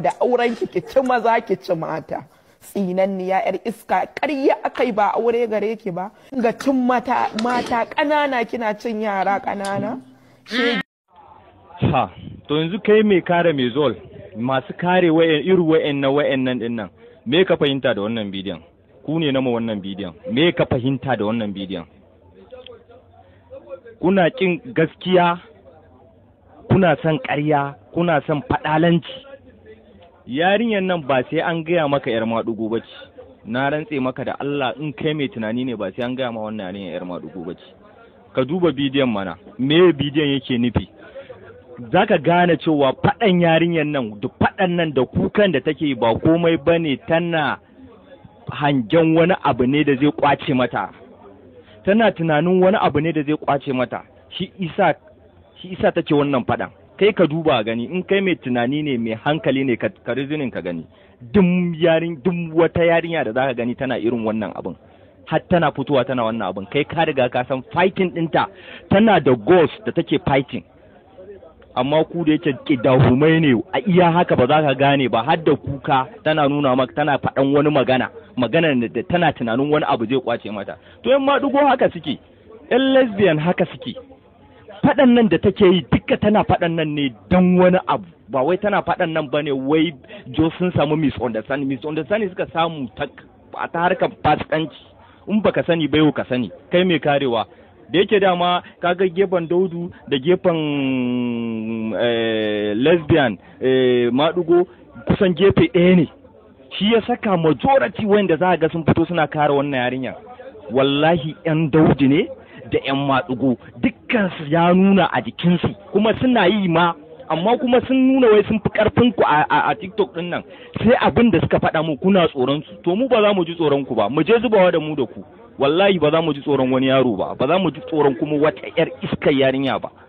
da auren ki ki ci maza ki ci mata tsinanniya yar iska ƙarya akai ba aure gare ki ba ga cin mata mata ƙanana kina cin yara ƙanana ha to yanzu kai mai kare mai zol masu kare wayan irin wayan na wayan nan din nan me ka fahimta da wannan bidiyon ku ne na mu wannan bidiyon me ka fahimta da wannan bidiyon kuna kin gaskiya kuna son ƙarya kuna son faɗalanci yarinyar nan ba sai an gaya maka yar maɗugo ba ce na rantse maka da Allah in kai mai tunani ne ba sai an gaya ma wannan yarinyar yar maɗugo ba ce ka duba bidiyon mana me bidiyon yake nufi za ka gane cewa faɗan yarinyar nan da faɗan nan da kukan da take ba komai ba ne tana hangen wani abu ne da zai kwace mata tana tunanin wani abu ne da zai kwace mata shi isa shi isa take wannan faɗan kai ka duba gani in kai mai tunani ne mai hankali ne ka rizinin ka gani duk wata yarinya da zaka gani tana irin wannan abin har tana fitowa tana wannan abin kai ka riga ka san fighting dinta tana da goals da take fighting amma ku da yake kidahumai ne a iya haka ba za ka gane ba har da kuka tana nuna maka tana faɗan wani magana magana da tana tunanin wani abu zai kwace mata to yan dugo haka suke yan lesbian haka suke faɗan nan da take yi duka tana faɗan nan ne don wani abu ba wai tana faɗan nan ba ne wai jo sun samu misunderstanding misunderstanding suka samu ta harkar fasikanci in baka sani bai ka sani kai mai karewa da yake dama kaga gefen daudu da gefen eh, lesbian eh, madugo kusan gefe ɗaya ne shi ya saka majority wanda za a ga sun fito suna kare wannan yarinyar. wallahi yan daudu ne da 'yan maɗugo dukkansu ya nuna a jikinsu kuma suna yi ma amma kuma sun nuna wai sun fi karfin ku a TikTok din nan sai abin da suka faɗa mu kuna tsoron su to mu ba za mu ji tsoron ku ba mu je zubawa da mu da ku wallahi ba za mu ji tsoron wani yaro ba ba za mu ji tsoron kuma wata yar iskar yarinya ba